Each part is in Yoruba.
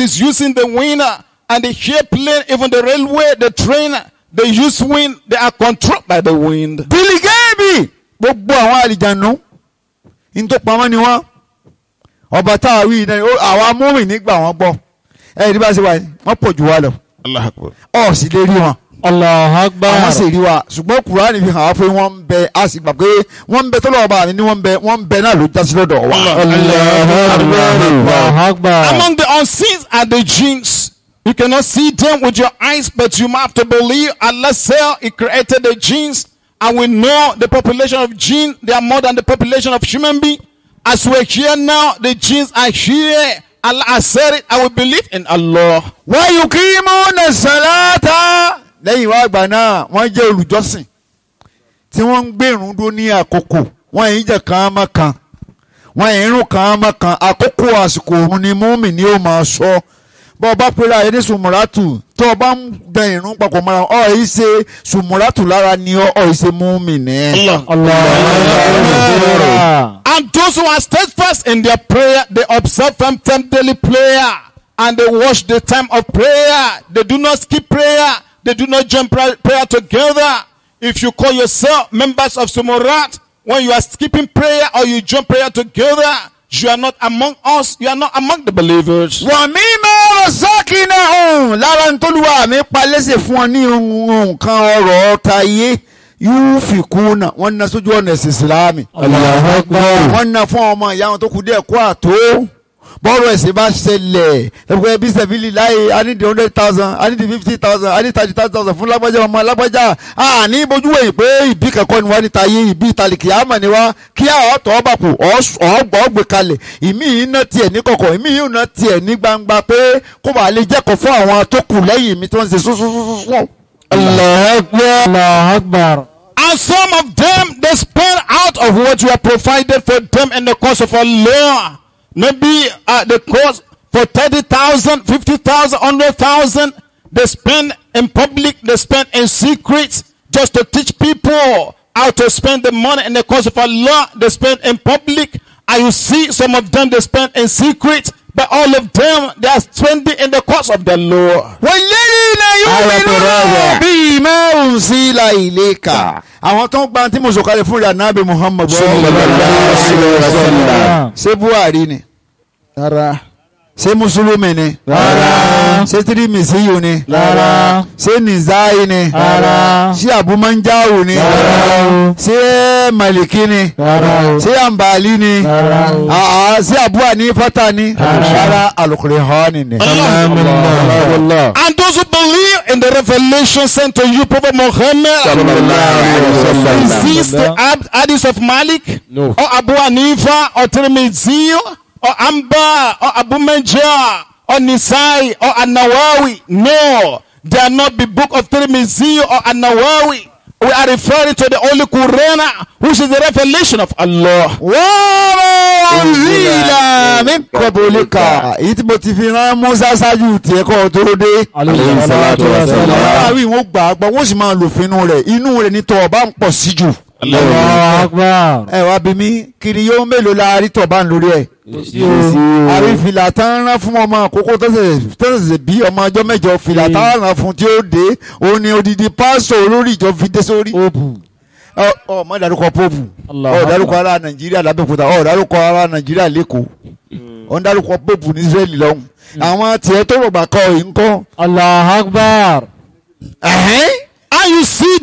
is using the wind, and the airplane, even the railway, the train, they use wind. They are controlled by the wind. Billy Gaby. Gbogbo àwọn àlìjànú ní tó pamọ́ ni wọ́n ọba táwa wí náà àwọn amóhìn nígbà wọn gbọ́ ẹ̀ẹ́dì bá ṣe wà wọ́n pọ̀ jù wá lọ. ọ̀sì lè rí wọn. Allahu Akbar. àwọn sì rí wa ṣùgbọ́n kùránì fi hàn wá pé wọ́n ń bẹ a sì gbà pé wọ́n ń bẹ tọ́lọ́ ọba àní ni wọ́n ń bẹ wọ́n ń bẹ náà ló jásí lọ́dọ̀ wa. Allahu Akbar. among the unseen are the genes. You cannot see them with your eyes, but you have to believe Allah said He created the genes, and we know the population of genes. they are more than the population of human beings. As we are here now, the genes are here. Allah has said it, I will believe in Allah. Wa yuqimuna salata lẹ́yìn wá àgbà náà wọ́n jẹ́ olùjọ́sìn tí wọ́n ń gbèrún dó ní àkókò wọ́n èyí jẹ́ kàn án mọ́ kan wọ́n èyí rún kàn án mọ́ kan àkókò àsìkò òun ni múmi ni ó máa sọ bọ́ ọ bá pera ẹ ní sùmùràtù tó o bá ń gbẹ ìrún papọ̀ mọ́ra ọ èyí ṣe sùmùràtù lára ni ọ ọ ṣe múmi ni. And those who are steadfast in their prayer, they observe from time daily prayer and they watch the time of prayer. They do not skip prayer. They do not join prayer together. If you call yourself members of Sumorat, when you are skipping prayer or you join prayer together, you are not among us. You are not among the believers. Wàmí máa rọ sọ́ọ̀kì náà hùn lára ń tólúwa mi palẹ́sẹ̀ fún ọ ní nǹkan ọ̀rọ̀ ọ̀ta yé yóò fi kúnà wọ́n na sójú ọ̀nà ẹ̀sìn ìsìlámì. Wọ́n na fún ọmọ ìyá wọn tó kù díẹ̀ kó àtó bọ́ọ̀rọ̀ ẹ̀sìn bá ṣẹlẹ̀ ẹ̀fọ́ ẹbí sẹ́fìlì láì a hundred thousand a fifty thousand a thirty thousand fún lágbájá ọmọ lágbájá a bójú wẹ̀yìn pé ìbí kankan ni wá níta yé ìbí ìtàlìkì àmọ̀ ni wá kí ọ̀tọ̀ ọba kù ọ̀gbọ̀ ọ̀gbẹ̀ kalẹ̀ ìmí yìí ná tiẹ̀ ní kọ̀kọ̀ ìmí yìí ná tiẹ̀ ní gbangba pé kó bàa lè jẹ́kọ̀ fún àwọn tó kù lẹ́yìn mi tó ń ṣe And some of them, they spend out of what you have provided for them in the course of a law. Maybe at uh, the cost for 30,000, 50,000, 100,000. They spend in public, they spend in secrets just to teach people how to spend the money in the cause of Allah. They spend in public. And you see some of them, they spend in secret. But all of them, there's 20 in the cause of the Lord. وَالَّذِينَ يُؤْمِنُونَ بِمَا أُنْزِلَ إِلَيْكَ àwọn tó ń gba tí mo sọ̀kalẹ̀ fún ìlànà àbí Muhammad. sọ́lá ṣe Buhari ni. rárá ṣé mùsùlùmí ni. rárá. ṣé tirimisiyu ni. rárá. ṣé nizaayi ni. rárá. ṣé abumanjawu ni. rárá. ṣé maliki ni. rárá. ṣé anbali ni. rárá. ṣé abu anifata ni. rárá alukurihani ni. and those who believe in the revelation sent to you prophet muhammad. resist the hadith of malik. No. or abu hanifa or tirimisiyu. Or Amba or Abu Menja or Nisai or Anawawi. No, there are not the book of Tirmidhi or Anawawi. We are referring to the Holy Quran, which is the revelation of Allah. Wọ́ọ̀rọ̀ mi kọ̀bọ̀lẹ́kà èyí Allah Akbar. ẹ wá bí mi kiri yóò mélòó la rí tọ̀bá ń lórí ẹ̀. àrí fìlà tá ń rán fún ọmọ àkókò tẹ̀sẹ̀ bí ọmọ ọjọ́ mẹ́jọ fìlà tá ń rán fún tí ó dé òun ni odidi pásítọ̀ olórí ìjọ fi dé sórí. ọ mọ ìdárúkọ pópù ọ ìdárúkọ ara Nàìjíríà lábẹ́kúta ọ ìdárúkọ ara Nàìjíríà lẹ́kọ̀ọ́ ọ ìdárúkọ pópù ní Israẹli lọ́hùn hmm. àwọn tiẹ̀ tó rọ̀gbà kọ́ Allahu Akbar. Uh Are you see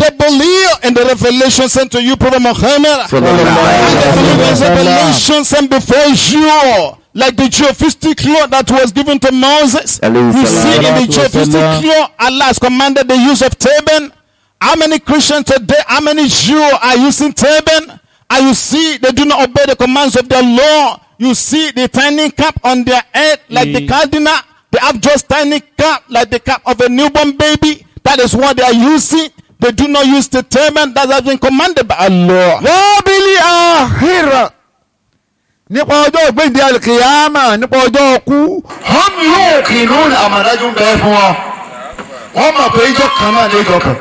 The believe in the revelation sent to you, Prophet Muhammad. the revelation sent before you like the geophysic law that was given to Moses. You see in the geophysic law, Allah has commanded the use of turban. How many Christians today, how many Jews are using turban? And you see, they do not obey the commands of their law. You see the tiny cap on their head, like mm. the cardinal. They have just tiny cap, like the cap of a newborn baby. That is what they are using. They do not use the term that has been commanded by Allah. Wọ́n bí ní àhírà nípa ọjọ́ ìgbéǹde alikiyama nípa ọjọ́ ọkú. Wọ́n yóò kìnnú àmàdájú ń bẹ fún wọn. Wọ́n mọ̀ pé ijó kan náà lè jọkàn.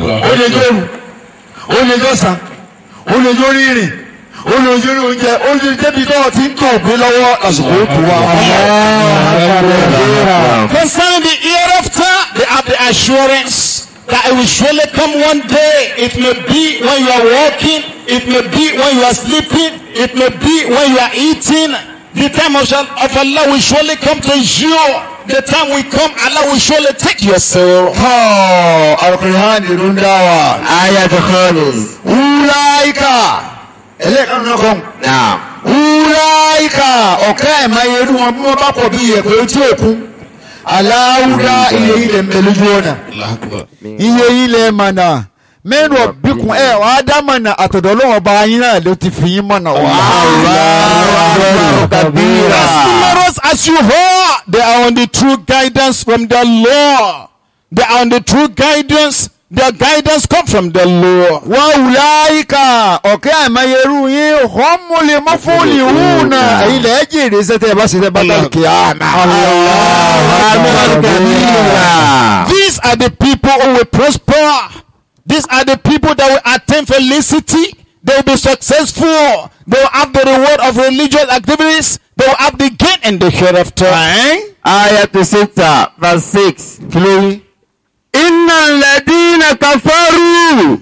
Ó lè jó ewu, ó lè jó san, ó lè jó rírìn, ó lè jó oúnjẹ, ó lè débi náà ti ń tó òbí lọ́wọ́ àsìkò òtù wa. Concerning the hereafter, they have the assurance that it will surely come one day. It may be when you are walking, it may be when you are sleeping, it may be when you are eating. The time of Allah will surely come to you. The time will come, Allah will surely take your soul. Oh, Al-Quran didn't dawa. Ayat al-Khalis. Ulaika. ẹlẹ́ẹ̀kan náà kọ́ wúláìka ọ̀kẹ́ Okay, my yẹ irú wọn bí wọ́n bá pọ̀ bí aláwùdá iye ilẹ̀ mẹ́lójú iye ilẹ̀ mànà mẹ́rin ọ̀bíkun ẹ̀ wà á dá mànà àtọ̀dọ̀ ọlọ́wọ́n bá yín náà ló ti fi yín mànà wá. numerous as you are they are on the true guidance from their Lord they are on the true guidance their guidance come from the Lord. wọ́n wùláyíkà ọ̀kẹ́ àìmọyerú yín họ́múlẹ̀ mọ́fúnlẹ̀ hùnà ilẹ̀ jèrè sẹ́tẹ̀ bá ṣe bá dàrú kí á these are the people who will prosper these are the people that will attain felicity they will be successful they will have the reward of religious activities they will have the gain in the hereafter. ayat sita verse six. kí innal ladina kafaru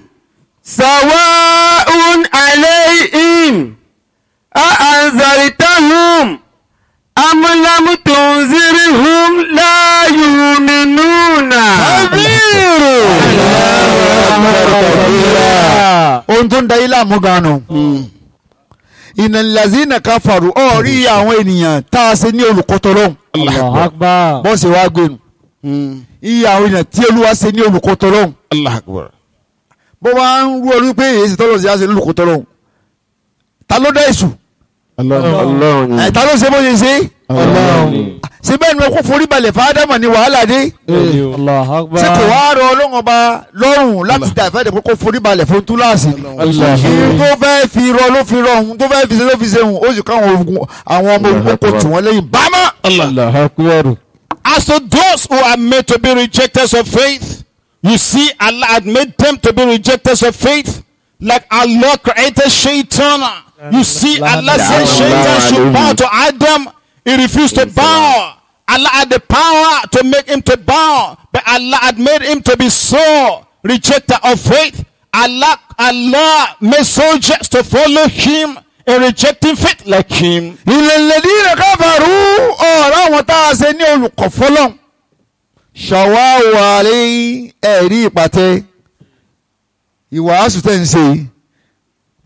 sawa'un alayhim a anzartahum am lam tunzirhum la yu'minuna kabiru ohun tó ń da ilé àmúganu ìnàlẹ́sìnà káfàrú ọ̀rí àwọn ènìyàn tá a ṣe ní olùkọ́tọ̀ lọ́hùn bọ́sẹ̀ wá gbẹ̀nu iye àwọn èèyàn tí olúwa ṣe ní olùkọ́ tọ́lọ́hún. Allah akbar. bó bá ń rú ọdún pé èyí ṣe tọ́lọ́hún ṣe á ṣe ní olùkọ́ tọ́lọ́hún. ta ló dá èṣù. Allah. ta ló ṣe bó ṣe ṣe. Allah. ṣé bẹ́ẹ̀ ni wọ́n kó forí balẹ̀ fáádámà ni wàhálà dé. Allah akbar. ṣé kò wá rọ ọlọ́run ọba lọ́rùn láti dà ìfẹ́ dẹ̀kọ́ kó forí balẹ̀ fún túláàsì. Allah. tó fẹ́ fi rọ ló fi rọ òun tó fẹ́ fi ṣe ló fi ṣe òun ó sì káwọn ọmọ ogun As to those who are made to be rejectors of faith, you see, Allah had made them to be rejectors of faith. Like Allah created Shaitan. You see, Allah said Shaitan should bow to Adam. He refused to bow. Allah had the power to make him to bow, but Allah had made him to be so rejector of faith. Allah, Allah made soldiers to follow him and rejecting faith like him. ìlẹ̀lẹ̀dínlẹ̀ káfàrú ọ̀rọ̀ àwọn tá a ṣe ní olùkọ́ fọlọ́n. ṣàwáwárí ẹ̀rí ìpàtẹ ìwàásù tẹ̀ ń ṣe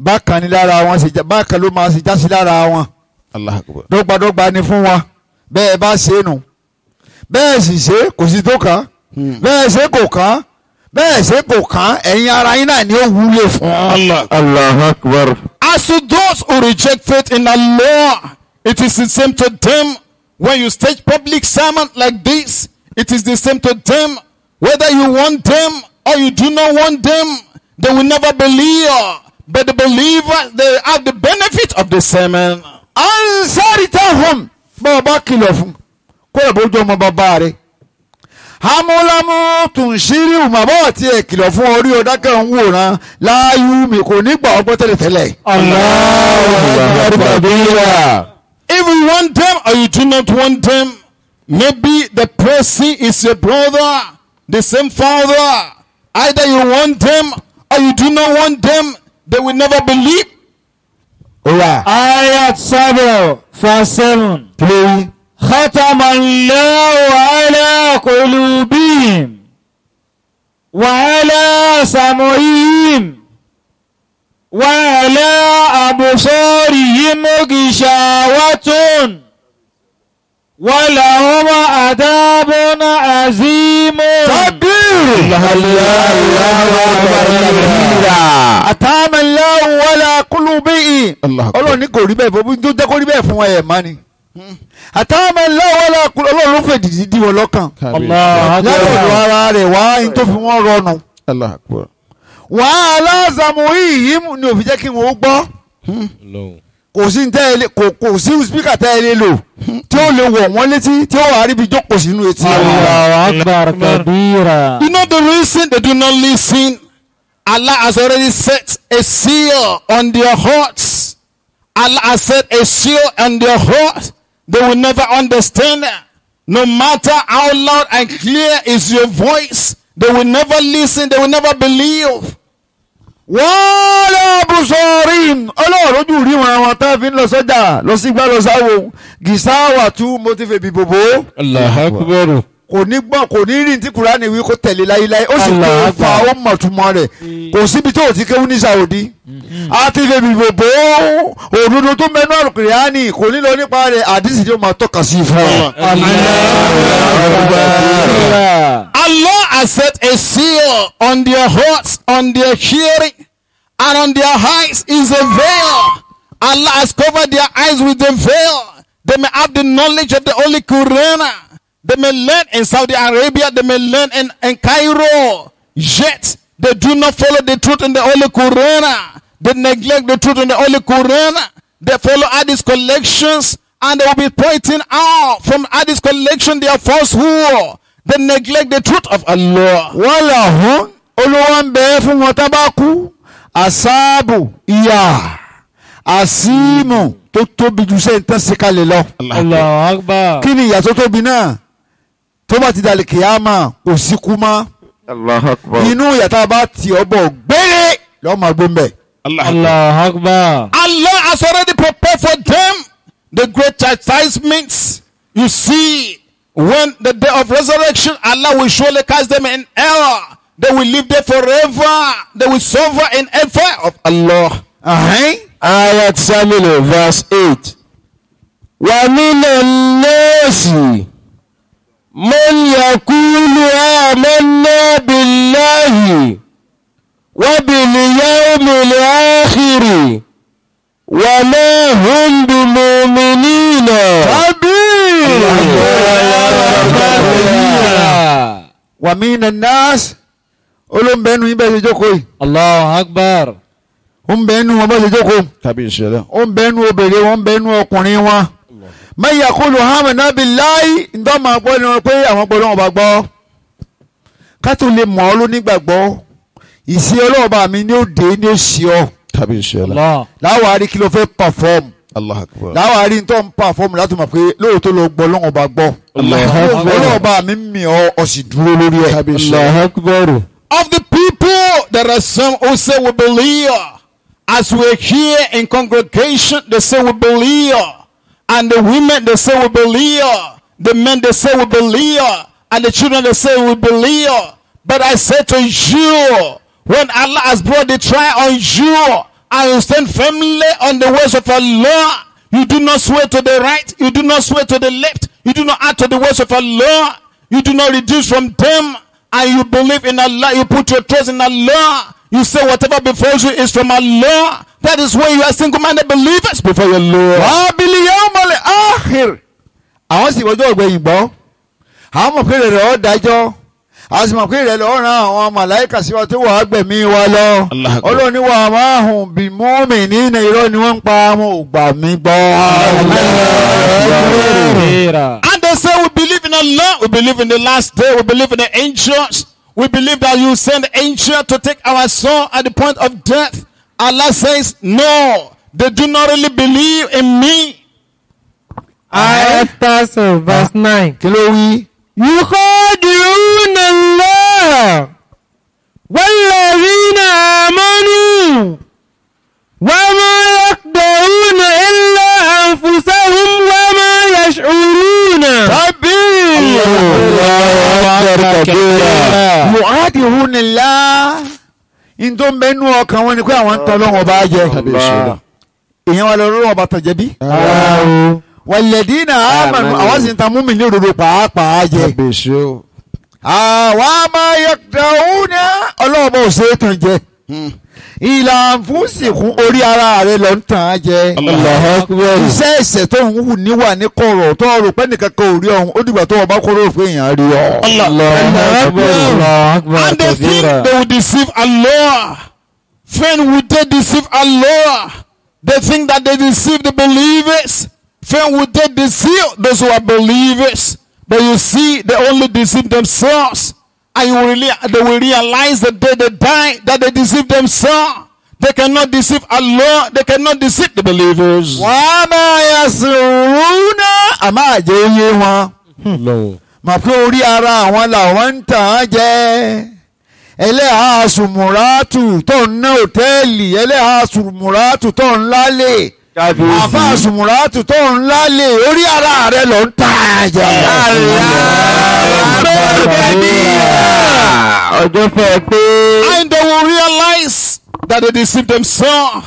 bákan ní lára wọn ṣe bákan ló máa ṣe já sí lára wọn. dọ́gbadọ́gba ni fún wa bẹ́ẹ̀ bá ṣe é nù bẹ́ẹ̀ sì ṣe kò sí tó kàn hmm. bẹ́ẹ̀ ṣe kò kàn bẹ́ẹ̀ ṣe bò kán ẹ̀yin ara yín náà ni ó wúlò fún. Allah Akbar. As to those who reject faith in Allah, it is the same to them when you stage public sermon like this. It is the same to them whether you want them or you do not want them. They will never believe, but the believers they have the benefit of the sermon. ansari tahun bàbá kìlọ̀ fún kó lè bójú ọmọ bàbá rẹ̀ amúlámú tùǹṣírí ùmàbọ̀ tí ẹ kìlọ̀ fún orí ọ̀dákẹ́ ń wòran láàyè mi kò ní gbà ọgbọ́n tẹ́lẹ̀ tẹ́lẹ̀. If you want them or you do not want them, maybe the person is your brother, the same father. Either you want them or you do not want them, they will never believe. Ayat 7, verse 7. Play. ختم الله على قلوبهم وعلى سمعهم وعلى أبصارهم غشاوة ولهم عذاب عظيم تكبير الله أكبر الله ولا قلوبهم الله أكبر Ọlọ́run ní kò rí bẹ́ẹ̀ bó tó jẹ́ kó rí àtàwọn ẹlẹ́ wọlé ọlọ́run ló fèdì dídí wọn lọ́kàn lọ́dọ̀ ara rẹ̀ wá ní tó fi wọ́n rọnu. wàhálà samuhi yìí ni òfin jẹ́ kí wọ́n gbọ́ hmm. kò sí spíkà tẹ́ ẹ lè lò hmm. tí ó lè wọ̀ wọ́n létí tí ó wà á ríbi jókòó sínú etí. you know the reason they do not listen Allah has already set a seal on their hearts. Allah has set a seal on their hearts. They will never understand. No matter how loud and clear is your voice, they will never listen, they will never believe. wọ́ọ́lá bùsọ̀rìn ọlọ́ọ̀rọ́jú rí wọn àwọn tá a fi ń lọ sọ́jà lọ sí igbá lọ sáwò gìsáwà tú mo ti fèbí bòbó. kò ní gbọ́ kò ní rìn tí Kùránì wí kó tẹ̀lé láyéláyé ó sì kó fa ó mọ̀túmọ̀ rẹ̀ kò síbi tó ti kéwú ní Saudi àti lè bìbò bò òdodo tó mẹ́nu àlùkìrìánì kò nílò nípa rẹ̀ àdìsí ni ó máa tọ́ka sí fún wa. Allah has set a seal on their hearts, on their hearing, and on their eyes is a veil. Allah has covered their eyes with a veil. They may have the knowledge of the Holy Quran. They may learn in Saudi Arabia, they may learn in, in Cairo. Yet, they do not follow the truth in the Holy Quran. They neglect the truth and the only Quran. They follow addis collections and they will be pointing out from addis collection their falsehood. They neglect the truth of Allah. Walahum Olúwa ń bẹ fún wọn tá bá kú àsáàbù ìyá àsíìmù tó tóbi jù Akbar. kini ni ìyà tó tóbi náà tó bá ti Akbar. inu ìyà tá a bá ti ọ Allah, Allah Akbar. Allah has already prepared for them the great chastisements. You see, when the day of resurrection, Allah will surely cast them in error. They will live there forever. They will suffer in effort of Allah. Uh-huh. Ayat Saminu, verse 8. وَمِنَ النَّاسِ مَنْ يَقُولُ آمَنَّا بِاللَّهِ وباليوم الآخر وما هم بمؤمنين ومن الناس olóhùn bẹ́ẹ̀ nu yín bẹ́ẹ̀ ṣe jókòó yìí. Allahu Akbar. ó ń bẹ́ẹ̀ nu wọn bẹ́ẹ̀ ṣe jókòó. tàbí ìṣẹ̀lẹ̀. ó ń bẹ́ẹ̀ nu obìnrin wọn ń bẹ́ẹ̀ nu ọkùnrin wọn. mẹ́yà kó lu ìṣe ọlọ́ọ̀bá mi ni ó dé ni ọ. kábíyèsí ọlá. kí ló fẹ́ perform. Allah akbar. tó ń perform láti mọ̀ pé lóòótọ́ ló gbọ́ lọ́wọ́ bá gbọ́. ọlọ́ọ̀bá mi mi ọ ọ sì dúró lórí ẹ. of the people there are some who say we believe as we here in congregation they say we believe and the women they say we believe the men they say we believe and the children they say we believe but I say to you. When Allah has brought the trial on you and you stand firmly on the words of Allah, you do not swear to the right, you do not swear to the left, you do not utter to the words of Allah, you do not reduce from them, and you believe in Allah, you put your trust in Allah, you say whatever befalls you is from Allah. That is why you are single-minded believers before your Lord. Wàá bí lè yá ọmọlẹ̀ áhìr. Àwọn sì I'm gbọ́. Àwọn ọmọ pé rẹ̀ a sì mọ̀ pé ìrẹ̀lẹ̀ ọ̀ràn àwọn màláìkà sí wa tó wà gbẹ̀mí wa lọ olóòní wa máa hùn bí mọ́mì nínú irọ́ ni wọ́n ń pa wọn ò gbà gbọ́. And they say we believe in Allah we believe in the last day we believe in the angels we believe that you send angel to take our soul at the point of death Allah says no they do not really believe in me. ayé tàṣe verse nine. Ah, kí ló wí. يخادعون الله والذين آمنوا وما يخدعون إلا أنفسهم وما يشعرون يخادعون الله in tó ń bẹnu ọkàn wọn ni pé àwọn ń tọ́ lọ́wọ́ bá jẹ èèyàn wa lọ́wọ́ bá tọ̀jẹ́ bí wàlẹ́dínà àmàlù àwọn sì ń ta ní òdodo pàápàá jẹ. àwa máa yẹ dàún ní ọlọ́ọ̀bọ̀ ò ṣe é jẹ hmm. ìlà fúnṣìkún orí ara rẹ lọ ń tàn án jẹ. iṣẹ́ ẹ̀sẹ̀ tó ń hù níwà ní kọ̀rọ̀ tó ọ̀rọ̀ pẹ́ nìkan kan ò rí ọ̀hún ó dìgbà tó ọba kóró òfin èèyàn rí ọ. and they think they will deceive Allah friend will they deceive Allah they think that they deceive the believers. Then would they deceive those who are believers? But you see, they only deceive themselves. And will, they will realize that they, they die, that they deceive themselves. They cannot deceive Allah. They cannot deceive the believers. Wàá máa yẹ sùúrù àmọ́ àjẹ́ yé ara àwọn làwọn ń tàn án jẹ. Ẹlẹ́hàá sùmùràtù tó ń ná òtẹ́ẹ̀lì. Ẹlẹ́hàá sùmùràtù tó ń lálé àfa àsùnmùrà àtútọ́ ńlá lè orí ara rẹ lọ ń ta àjà. ọjọ́ fẹ́ pé. and they will realize that they deceive themselves.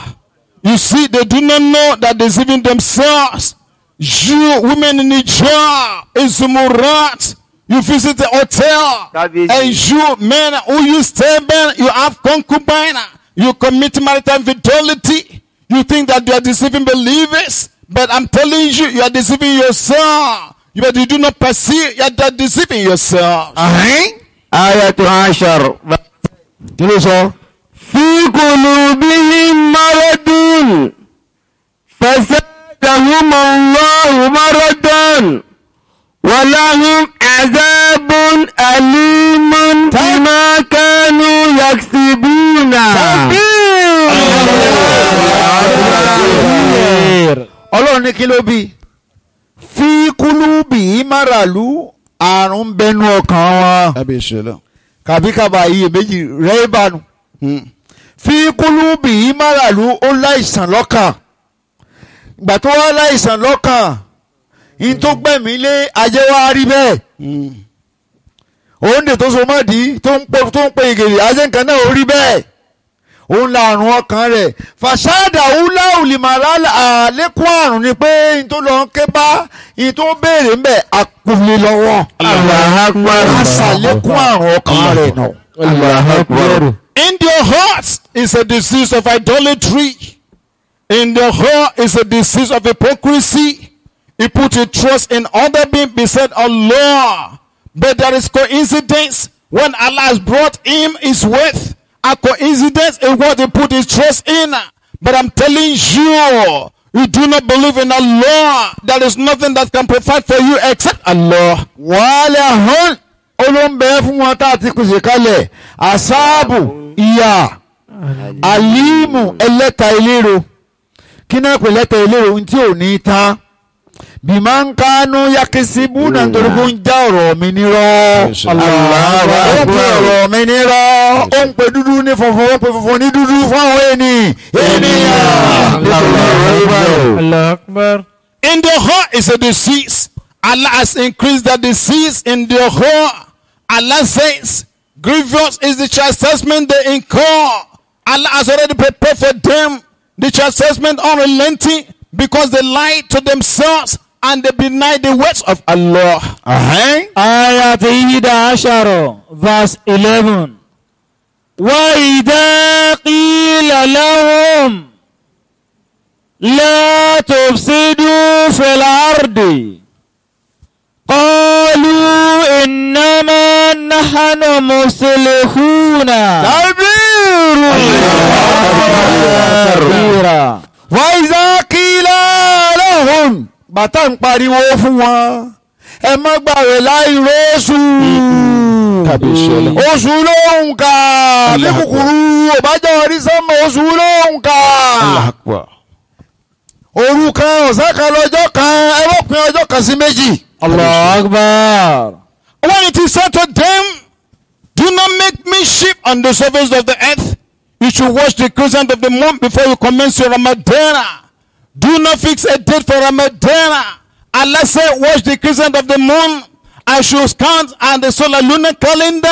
You see, they do not know that they deceiving themselves. You women in hijab, in zumurat, you visit the hotel, and you men who you stay, you have concubine, you commit marital fidelity. You think that you are deceiving believers, but I'm telling you, you are deceiving yourself. But you do not perceive, you are deceiving yourself. آية عشر شنو صار؟ في قلوبهم مرض ولهم عذاب أليم بما كانوا يكسبون ọlọ́run ní kí ló bí fi kúlúbì máràlú àrùn bẹnu ọkàn wọn kàbí kàbà iye méjì rẹ ìbànú hmm. fi kúlúbì máràlú ó láìsàn lọ́kàn gbàtọ́ wá láìsàn lọ́kàn in tó gbẹ̀mí lé ajé wa rí bẹ́ẹ̀ òun dè tó so mọ́ọ̀dí tó ń pe ìgèrè ajé nǹkan náà ó rí bẹ́ẹ̀ òun la àrùn ọkàn rẹ̀ fàṣádà wúlá òlìmọ̀lá àlékún àrùn ni pé n tó lọ ké bá n tó béèrè mbẹ àpòlè lọ́wọ́ àṣàlékún àrùn ọkàn rẹ̀ náà. In your heart is a disease of idolatry. In your heart is a disease of hypocrisy. He put his trust in other beings beside Allah. But there is coincidence when Allah has brought him his wealth, a coincidence in what he put his trust in. But I'm telling you, you do not believe in Allah. There is nothing that can provide for you except Allah. Wàhálà olóńbẹ fún wọn tá a ti pèsè alimu ẹlẹ́ta eléro kí náà pè lẹ́ta eléro ohun tí ta. bìmánkánú kanu náà nítorí já ọ̀rọ̀ mi nírọ́ ọ̀rọ̀ mi nírọ́ ó ń pe dúdú ní funfun ó ń pe funfun ní dúdú fáwọn ẹni ènìyàn. in the heart is a disease Allah has increased the disease in the heart Allah says grievous is the chastisement they incur Allah has already prepared for them the chastisement unrelenting because they lied to themselves and they deny the words of Allah. Uh-huh. Ayat Ida Asharo, verse 11. وَإِذَا قِيلَ لَهُمْ لَا تُفْسِدُوا فِي الْأَرْضِ قالوا إنما نحن مصلحون كبير كبيرا وإذا قيل لهم bàtà ń pariwo fún wọn ẹ má gbàwé láì róòsù oṣù ló ń kà ní kúkúrú òbájá orí sánmà oṣù ló ń kà kan ọ̀sán kan lọ́jọ́ kan ẹ wọ́n ọjọ́ kan sí méjì. Akbar. When it is said to them, do not make me sheep on the surface of the earth. You should watch the crescent of the moon before you commence your Ramadan. Do not fix a date for a Ramadan. Allah said, watch the crescent of the moon. I should count on the solar lunar calendar.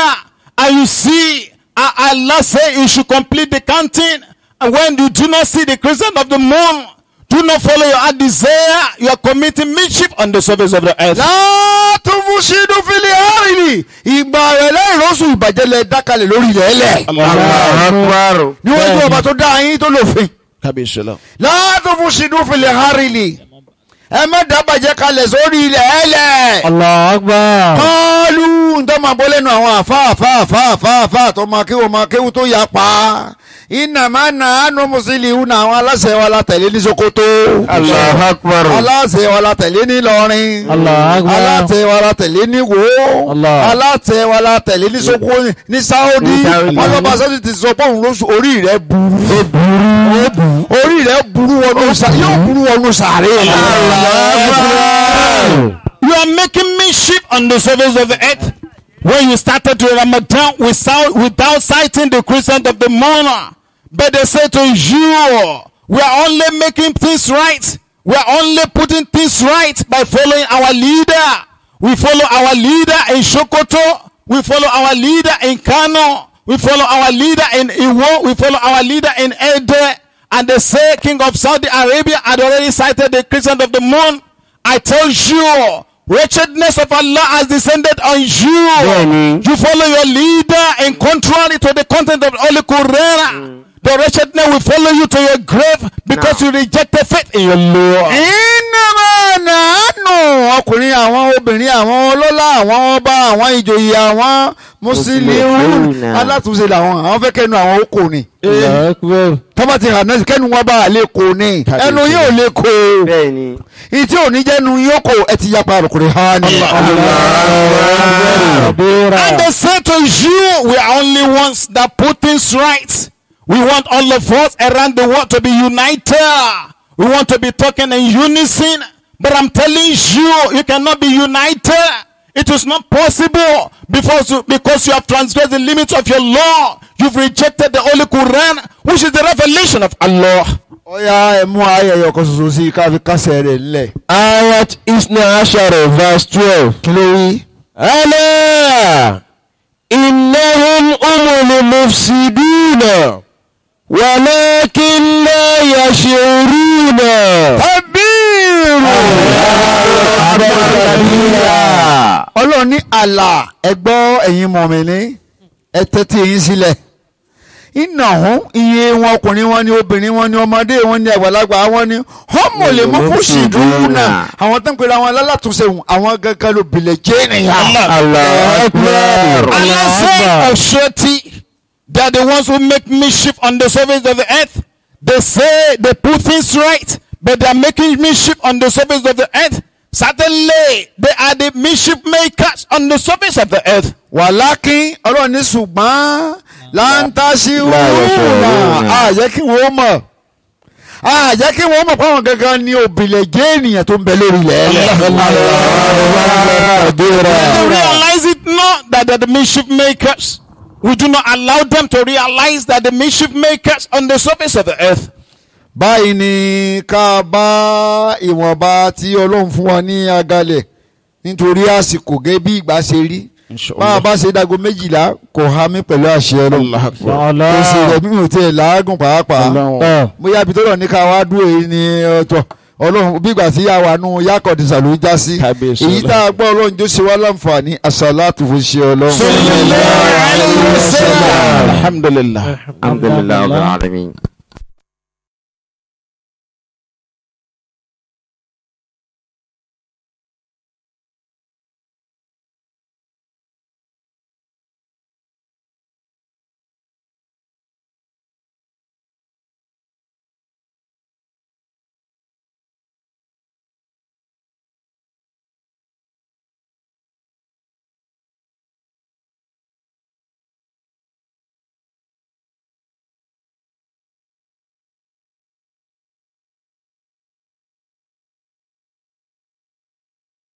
And you see, Allah said you should complete the counting. And when you do not see the crescent of the moon, do not follow your heart desire. You are committing mischief on the surface of the earth. كابين شلا لا تفوشي دوفي هاري لي ẹ má sórí ilẹ̀ ẹlẹ̀. Allahu Akbar. kọ́ọ̀lù ntọ́ máa bọ́ lẹ́nu àwọn àfa àfa àfa àfa àfa máa kéwu tó yà pa iná máa na àánú mùsùlùmí na àwọn aláṣẹ wa la ní Sokoto. Allahu aláṣẹ wa la ní Ìlọrin. Allahu aláṣẹ wa la ní Wo. aláṣẹ wa la ní Soko ní Saudi. ọlọ́ba sọ́ọ́dì ti sọ pé òun ló orí rẹ̀ burú. orí rẹ̀ burú wọnú sàárè. yóò burú wọnú sàárè. You are making me shift on the surface of the earth. When you started to Ramadan without, without citing the crescent of the moon, but they say to you, we are only making things right. We are only putting things right by following our leader. We follow our leader in Shokoto. We follow our leader in Kano. We follow our leader in Iwo. We follow our leader in Ede. And they say, King of Saudi Arabia had already sighted the crescent of the moon. I tell you, wretchedness of Allah has descended on you. Bẹ́ẹ̀ni. You follow your leader in contrary to the content of Holy Quran. Mm. The wretchedness will follow you to your grave because no. you rejected faith in your Lord. Iná máa nàánú ọkùnrin àwọn obìnrin àwọn ọlọ́lá àwọn ọba àwọn ìjòyè àwọn mùsùlùmí alátúnṣe làwọn àwọn fẹ́ kẹ́nu àwọn okò ni. tọ́ba ti hàn náà kẹ́nu wọn bá lè kó ni ẹnu yóò lè kó ìtí òní jẹ́nu yóò kó ẹ ti yapa ọkùnrin ha ni. And they say to you we are only ones that put things right. We want all of us around the world to be united. We want to be talking in unison. But I'm telling you, you cannot be united. It is not possible Before, because you have transgressed the limits of your law. You've rejected the Holy Quran, which is the revelation of Allah. Ayat Isna Ashara verse twelve. Kí ló wí? Ala innahum umul mufsidina. ولكن لا يشعرون تبير ọlọ́run ní àlà ẹgbọ́ ẹ̀yin mọ̀mìnì ẹ tẹ́tí yín sílẹ̀ iná hún iye wọn ọkùnrin wọn ni obìnrin wọn ni ọmọdé wọn ni àgbàlagbà wọn ni họ́mọ̀ lè mú fún ṣìdúnà àwọn tó ń pera wọn alálàtúnṣe hùn àwọn gangan ló bìlẹ̀ jẹ́ ènìyàn. aláṣẹ ọ̀ṣọ́ ti. They are the ones who make mischief on the surface of the earth. They say they put things right, but they are making mischief on the surface of the earth. Certainly, they are the mischief makers on the surface of the earth. Wàlákín ọ̀rọ̀ ní ṣùgbọ́n láńtàṣí wúrúùnà àyẹ́ ah, kí wọ́n mọ̀. Àyẹ́ ah, kí wọ́n mọ̀ fáwọn gangan ni òbílẹ̀ jẹ́ ènìyàn They realize it not that they are the mischief makers. We do not allow them to realize that the mischief makers on the surface of the earth. Báyìí ni ká bá ìwọ̀nba tí Ọlọ́run fún wa ní agalẹ̀ nítorí àsìkò gẹ́gẹ́ bí ìgbà ṣe rí. Bá bá ṣe dago méjìlá kò há mi pẹ̀lú àṣẹ Ọlọ́run. Kò sì rẹ̀ mímú tiẹ̀ làágùn pàápàá. Bóyá ibi lọ ní ká wá dúró yìí ni ọ̀tọ̀ ọlọ́run bígbà tí yà wà nù yàkọ̀ ní sàlù já sí èyí tá a gbọ́ ọlọ́run jó ṣe wá láǹfààní asàlátù fún ṣe ọlọ́run. sallallahu alaihi wasallam alhamdulillah alhamdulillah rabbil alamin.